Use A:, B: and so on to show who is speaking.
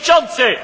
A: przewodniczący!